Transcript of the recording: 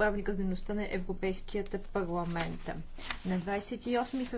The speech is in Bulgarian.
правилника за дейността на Европейския парламент. На 28 февруари